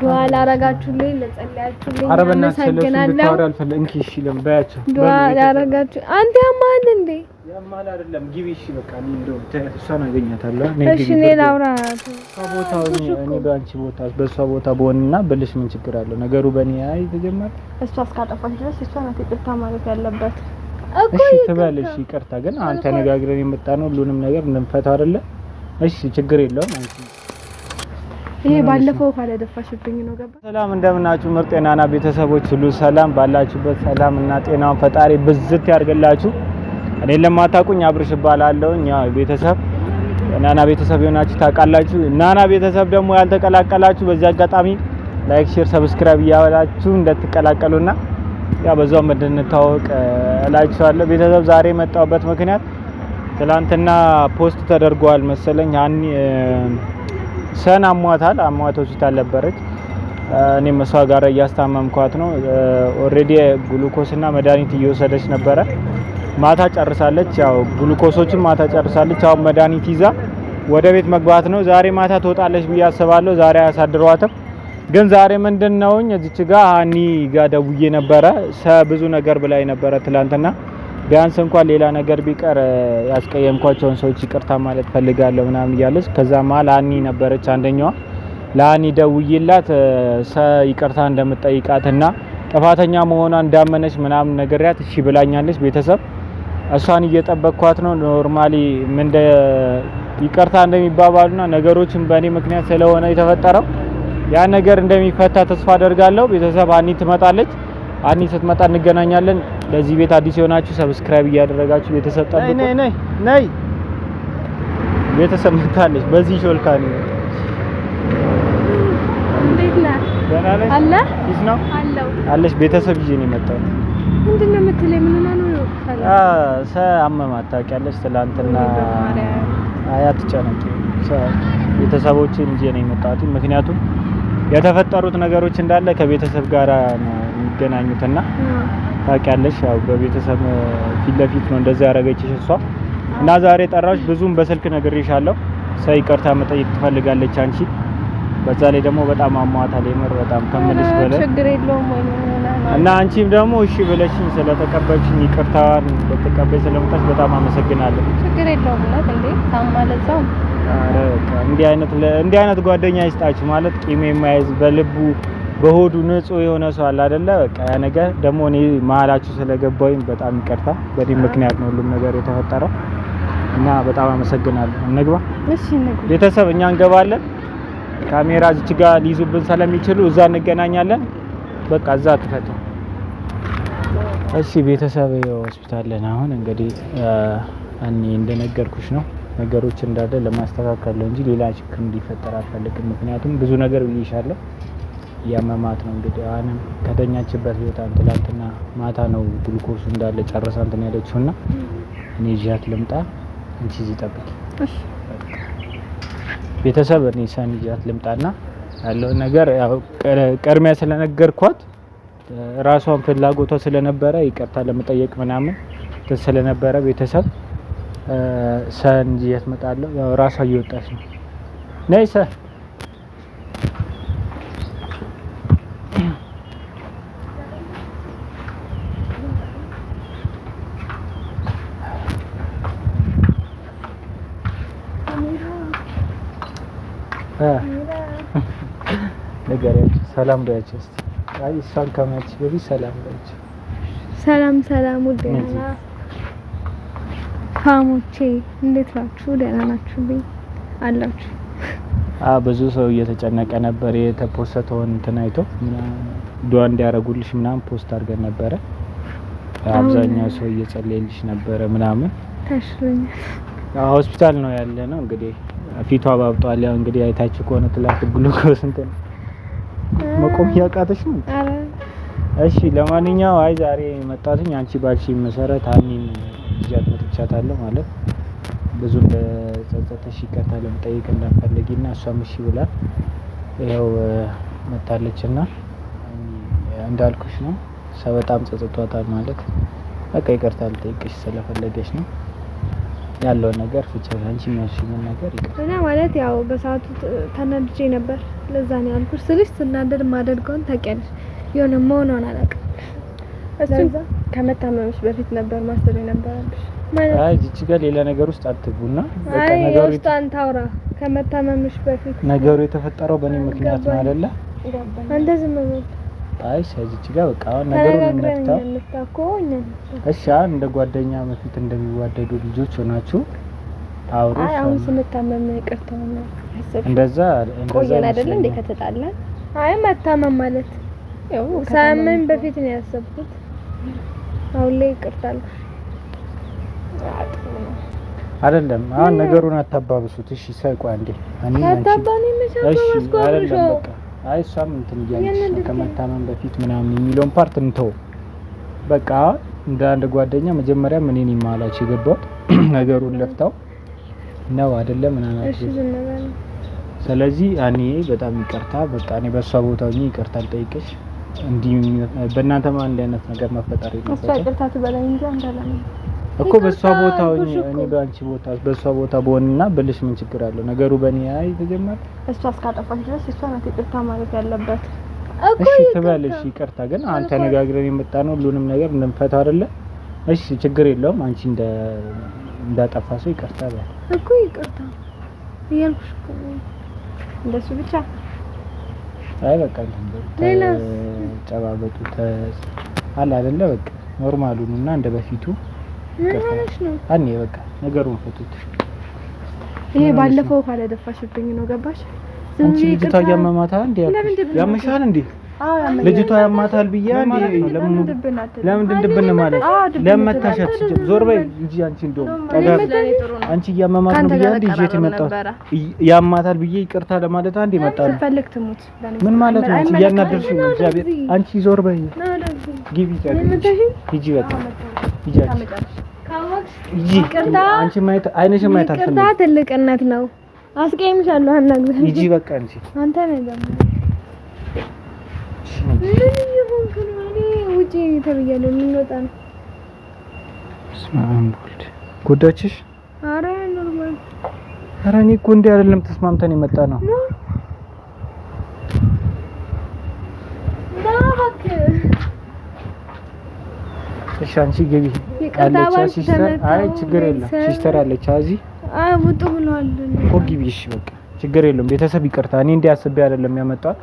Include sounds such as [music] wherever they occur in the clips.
ዱዓ ላረጋችሁልኝ፣ ለጸለያችሁልኝ አመሰግናለሁ። ዱዓ ላረጋችሁ አንተ ያማል እንዴ? ያማል አይደለም። ግቢ እሺ፣ በቃ እኔ እንደው እሷን አገኛታለሁ። እሺ፣ እኔ ላውራት ከቦታው እኔ በአንቺ ቦታ በእሷ ቦታ በሆንና ብልሽ ምን ችግር አለው? ነገሩ በእኔ አይ ተጀመረ። እሷ እስካጠፋች ድረስ እሷ ናት ይቅርታ ማለት ያለባት። እሺ ትበልሽ ይቅርታ። ግን አንተ ነጋግረን የመጣ ነው ሁሉንም ነገር እንፈታ አይደለ? እሺ፣ ችግር የለውም አንቺ ይሄ ባለፈው ውሃ ላይ ደፋሽብኝ ነው። ገባ ሰላም እንደምናችሁ ምርጥ የናና ቤተሰቦች ሁሉ ሰላም ባላችሁበት ሰላም እና ጤናውን ፈጣሪ ብዝት ያርግላችሁ። እኔ ለማታቁኝ አብርሽ እባላለሁ። ያው ቤተሰብ ናና ቤተሰብ የሆናችሁ ታውቃላችሁ። ናና ቤተሰብ ደግሞ ያልተቀላቀላችሁ በዚህ አጋጣሚ ላይክ፣ ሼር፣ ሰብስክራይብ እያላችሁ እንደትቀላቀሉና ያው በዛው እንድንታወቅ እላችኋለሁ። ቤተሰብ ዛሬ የመጣሁበት ምክንያት ትላንትና ፖስት ተደርጓል መሰለኝ ሰን አሟታል። አሟት ሆስፒታል ነበረች። እኔም እሷ ጋር እያስታመምኳት ነው። ኦልሬዲ ግሉኮስና መድኃኒት እየወሰደች ነበረ። ማታ ጨርሳለች። ያው ግሉኮሶችን ማታ ጨርሳለች። አሁን መድኃኒት ይዛ ወደ ቤት መግባት ነው። ዛሬ ማታ ትወጣለች ብዬ አስባለሁ። ዛሬ አያሳድሯትም። ግን ዛሬ ምንድን ነውኝ እዚች ጋ ሀኒ ጋ ደውዬ ነበረ። ብዙ ነገር ብላይ ነበረ ትላንትና ቢያንስ እንኳን ሌላ ነገር ቢቀር ያስቀየምኳቸውን ሰዎች ይቅርታ ማለት ፈልጋለሁ ምናምን እያለች ከዛ መሀል አኒ ነበረች አንደኛዋ። ለአኒ ደውዬላት ይቅርታ እንደምጠይቃትና ጥፋተኛ መሆኗ እንዳመነች ምናምን ነገርያት እሺ ብላኛለች። ቤተሰብ እሷን እየጠበቅኳት ነው። ኖርማሊ ምንደ ይቅርታ እንደሚባባሉና ነገሮችን በእኔ ምክንያት ስለሆነ የተፈጠረው ያን ነገር እንደሚፈታ ተስፋ አደርጋለሁ። ቤተሰብ አኒ ትመጣለች። አኒ ስትመጣ እንገናኛለን። ለዚህ ቤት አዲስ የሆናችሁ ሰብስክራይብ እያደረጋችሁ ቤተሰብ ጠብቁ። ነይ ነይ ነይ ቤተሰብ መታለች። በዚህ ሾልካ ነው አለሽ ቤተሰብ ይዤ ነው የመጣሁት። ምንድን ነው የምትለኝ? ምን ነው? አመማት ታውቂያለሽ። ትናንትና አትጨነቂ፣ ይዤ ነው የመጣሁት። ምክንያቱም የተፈጠሩት ነገሮች እንዳለ ከቤተሰብ ጋራ ነው የሚገናኙትና ታውቂያለሽ፣ ያው በቤተሰብ ፊት ለፊት ነው እንደዛ ያደረገችሽ እሷ እና ዛሬ ጠራች። ብዙም በስልክ ነግሬሻለሁ። ሰው ይቅርታ መጠየቅ ትፈልጋለች አንቺ በዛ ላይ ደግሞ በጣም አሟታል። የምር በጣም ከምልሽ በለ እና አንቺም ደግሞ እሺ ብለሽኝ ስለተቀበልሽኝ ይቅርታ በተቀበይ ስለመጣሽ በጣም አመሰግናለሁ። ችግር የለውም ማለት እንዴ አረ እንዲህ አይነት አይነት ጓደኛ ይስጣችሁ ማለት ቂም የማይዝ በልቡ በሆዱ ንጹህ የሆነ ሰው አለ አይደለ? በቃ ያ ነገር ደግሞ እኔ መሀላችሁ ስለገባኝ በጣም ይቅርታ። በእኔ ምክንያት ነው ሁሉም ነገር የተፈጠረው እና በጣም አመሰግናለሁ። እንግባ። እሺ፣ እንግባ። ቤተሰብ እኛ እንገባለን። ካሜራ እዚች ጋር ሊይዙብን ስለሚችሉ እዛ እንገናኛለን። በቃ እዛ ክፈቱ። እሺ ቤተሰብ ሆስፒታል ነን አሁን። እንግዲህ እኔ እንደነገርኩሽ ነው ነገሮች እንዳለ ለማስተካከል ነው እንጂ ሌላ ችግር እንዲፈጠር አልፈልግም። ምክንያቱም ብዙ ነገር ብዬሻለሁ። የመማት ነው እንግዲህ አሁንም ከተኛችበት ህይወት ትላንትና ማታ ነው ግሉኮሱ እንዳለ ጨረሳ እንትን ያለችው እና እኔ ይዣት ልምጣ፣ አንቺ እዚህ ጠብቂ ቤተሰብ፣ እኔ ሰን ይዣት ልምጣና ያለውን ነገር ቅድሚያ ስለነገርኳት ራሷን ፍላጎቷ ስለነበረ ይቅርታ ለመጠየቅ ምናምን ስለነበረ ቤተሰብ ሰን ይዤ እመጣለሁ። ያው ራሷ እየወጣች ነው ነይ ሰ ንገሪያቸው፣ ሰላም በያቸው። አይ እሷን ከማያቸው በፊት ሰላም በያቸው። ሰላም ሰላም፣ ውድ ፋሞቼ እንዴት ናችሁ? ደህና ናችሁ? ልኝ አላችሁ። ብዙ ሰው እየተጨነቀ ነበር። የተፖሰተውን እንትን አይቶ ዱዓ እንዲያደርጉልሽ ምናምን ፖስት አድርገን ነበረ። አብዛኛው ሰው እየጸለየልሽ ነበረ ምናምን። ታሽሎኛል። ሆስፒታል ነው ያለ ነው እንግዲህ ፊቷ አባብጧል። ያው እንግዲህ አይታችሁ ከሆነ ትላንት ግሉኮስ እንትን መቆም ያቃተሽ ነው። እሺ ለማንኛው አይ ዛሬ መጣትኝ አንቺ ባልሽ መሰረት አሚን ይዣት መጥቻታለሁ ማለት ብዙ እንደጸጸተሽ ይቅርታ ለመጠየቅ እንዳንፈልጊና እሷም እሺ ብላ ይኸው መታለችና እንዳልኩሽ ነው ሰው በጣም ጸጽቷታል ማለት በቃ ይቅርታ ልጠይቅሽ ስለፈለገች ነው። ያለውን ነገር ፍቻ አንቺ የሚያሽኝን ነገር ይቅር። እኔ ማለት ያው በሰዓቱ ተናድጄ ነበር። ለዛ ነው ያልኩሽ ስልሽ ስናደድ ማደርገውን ታውቂያለሽ። የሆነ መሆኗን አላውቅም። እሱን ከመታመምሽ በፊት ነበር ማሰብ የነበረብሽ። አይ እዚች ጋር ሌላ ነገር ውስጥ አትግቡና፣ በቃ ነገሩ ውስጥ ታውራ ከመታመምሽ በፊት ነገሩ የተፈጠረው በእኔ ምክንያት ነው አይደለ? አንተ ዝም ብለህ አይ እዚች ጋር በቃ አሁን ነገሩን እንፍታው። እሺ እንደ ጓደኛ በፊት እንደሚዋደዱ ልጆች ሆናችሁ አውሩ። አሁን ስንታመም ይቅርታው ነው እንደዛ ቆየን አይደል እንዴ? ከተጣላን አይ መታመም ማለት ያው ሳያመኝ በፊት ነው ያሰብኩት። አሁን ላይ ይቅርታል አይደለም። አሁን ነገሩን አታባብሱት። እሺ ሳይቋ እንዴ አንዴ እሺ አይደለም በቃ አይ እሷም እንትን እያለች ነው ከመታመን በፊት ምናምን የሚለውን ፓርት እንተው። በቃ እንደ አንድ ጓደኛ መጀመሪያ ምን እኔን የማላችሁ የገባሁት [clears throat] ነገሩን ለፍታው ነው አይደለ ምናምን። ስለዚህ እኔ በጣም ይቅርታ በቃ እኔ በእሷ ቦታ ሆኜ ይቅርታ ልጠይቅሽ። እንዲህ በእናንተማ አንድ አይነት ነገር መፈጠር የለም። እሷ ይቅርታ ትበላኝ እንጂ አንዳለም እኮ በእሷ ቦታ እኔ በአንቺ ቦታ በእሷ ቦታ በሆንና ብልሽ ምን ችግር አለው? ነገሩ በእኔ አይ ተጀመረ። እሷ እስካጠፋሽ ድረስ እሷ ናት ይቅርታ ማለት ያለበት። እሺ ትበልሽ ይቅርታ። ግን አንተ ነጋግረን የመጣ ነው ሁሉንም ነገር እንደምፈታው አይደለ? እሺ ችግር የለውም። አንቺ እንደ እንዳጠፋ ሰው ይቅርታ በል እኮ ይቅርታ እያልኩሽ እኮ እንደሱ ብቻ አይ በቃ ጨባበጡ አለ አይደለ? በቃ ኖርማሉን እና እንደ በፊቱ እኔ በቃ ነገሩን ፈቱት። ይሄ ባለፈው ውሃ ደፋሽብኝ ነው ገባሽ? አንቺ ልጅቷ እያመማታል እንዴ? ያምሻል እንዴ? ልጅቷ ያማታል ብዬ ለምን ድብን ማለት ለምን መታሻት? ዞር በይ እንጂ አንቺ እንደው ጠጋ አንቺ እያመማት ነው ብዬ አንዴ ይዤት የመጣው ያማታል ብዬ ይቅርታ ለማለት አንዴ መጣ ነው። ምን ማለት ነው? እያናደርሽ ነው እግዚአብሔር። አንቺ ዞር በይ ግቢ፣ ሂጂ በቃ ይቅርታ ትልቅነት ነው። አስቀይምሻለሁ። አናግረኝ እንጂ በቃ እንጂ አንተ ነህ ደግሞ ውጪ ተብያለሁ። የምንወጣ ነው። ጎዳችሽ? ኧረ ኖርማል። ኧረ እኔ እኮ እንዲህ አይደለም ተስማምተን የመጣ ነው እሺ አንቺ ግቢ ሲስተር። አይ ችግር የለም ሲስተር አለች። አዚ አይ ውጡ ብሏል እኮ ግቢ። እሺ በቃ ችግር የለም ቤተሰብ ይቅርታ። እኔ እንዲህ አስቤ አይደለም ያመጣው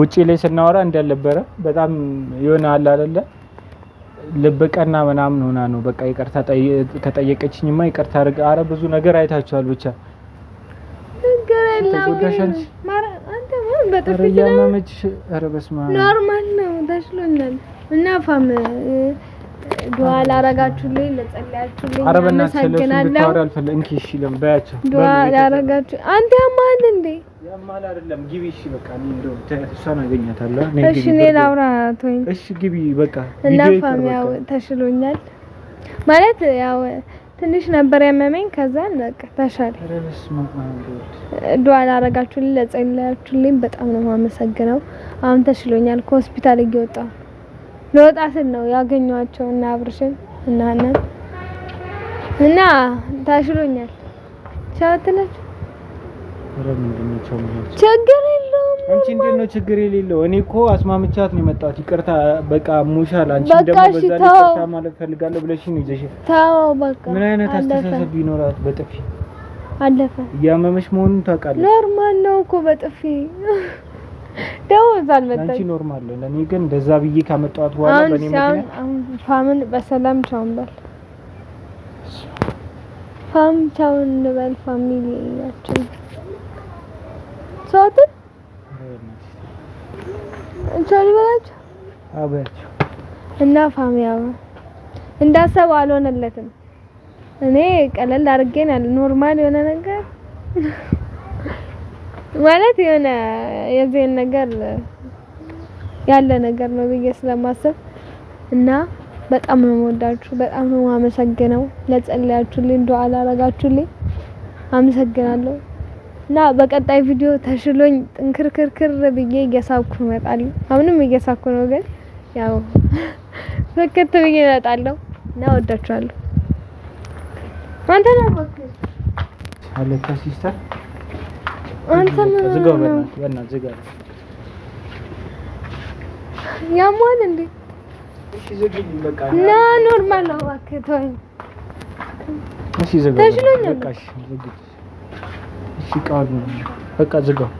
ውጪ ላይ ስናወራ እንዳልነበረ በጣም የሆነ አለ አይደለ ልብ ቀና ምናምን ሆና ነው። በቃ ይቅርታ ከጠየቀችኝማ ይቅርታ አድርግ። አረ ብዙ ነገር አይታችኋል። ብቻ ኖርማል ነው ተሽሎናል። እና ፋም ዱዓ ላረጋችሁልኝ ለጸለያችሁልኝ አመሰግናለሁ። ዱዓ ላረጋችሁ አንተ ያማል እንዴ ያማል አይደለም። ግቢ እሺ፣ በቃ እኔ እንደው አገኛታለሁ። እሺ፣ እኔ ላውራ እሺ፣ ግቢ በቃ እና ያው ተሽሎኛል ማለት ያው ትንሽ ነበር ያመመኝ። ከዛን በቃ ተሻለ። ዱዓ ላረጋችሁልኝ ለጸለያችሁልኝ በጣም ነው የማመሰግነው። አሁን ተሽሎኛል። ከሆስፒታል እየወጣሁ ለወጣ ስል ነው ያገኘኋቸው እና አብርሽን እና እናን እና ታሽሎኛል። ቻው ትላችሁ ችግር የለውም። አንቺ እንዴት ነው ችግር የሌለው? እኔ እኮ አስማምቻት ነው የመጣሁት። ይቅርታ በቃ ሙሻል። አንቺ ደግሞ በዛ ይቅርታ ማለት ፈልጋለሁ ብለሽ ነው ይዘሽ ታው በቃ ምን አይነት አስተሳሰብ ይኖራት? በጥፊ አለፈ። እያመመሽ መሆኑን ታውቃለህ። ኖርማል ነው እኮ በጥፊ ደግሞ እዛ አልመጣም። ኖርማል ነው። ግን እንደዛ ብዬ ካመጣኋት በኋላ ምክንያት ፋምን በሰላም ቻው እንበል። ፋም ቻው እንበል። እና ፋሚ ያው እንዳሰብ አልሆነለትም። እኔ ቀለል አድርጌ ነው ኖርማል የሆነ ነገር ማለት የሆነ የዚህን ነገር ያለ ነገር ነው ብዬ ስለማስብ እና በጣም ነው የምወዳችሁ፣ በጣም ነው የማመሰግነው። ለጸለያችሁልኝ፣ ዱአ ላረጋችሁልኝ አመሰግናለሁ። እና በቀጣይ ቪዲዮ ተሽሎኝ ጥንክርክርክር ብዬ እየሳብኩ እመጣለሁ። አሁንም እየሳብኩ ነው፣ ግን ያው ስክት ብዬ እመጣለሁ እና ወዳችኋለሁ። አንተ ነው ወክ አለካ ሲስተር አንተ ምን ዝጋው፣ በእናትህ ዝጋው። ያሟል እንዴ? እሺ ዝግኝ፣ በቃ ና፣ ኖርማል ነው። እባክህ ተወኝ። እሺ ዝጋው፣ በቃ እሺ፣ ዝግኝ። እሺ ቃሉ በቃ ዝጋው።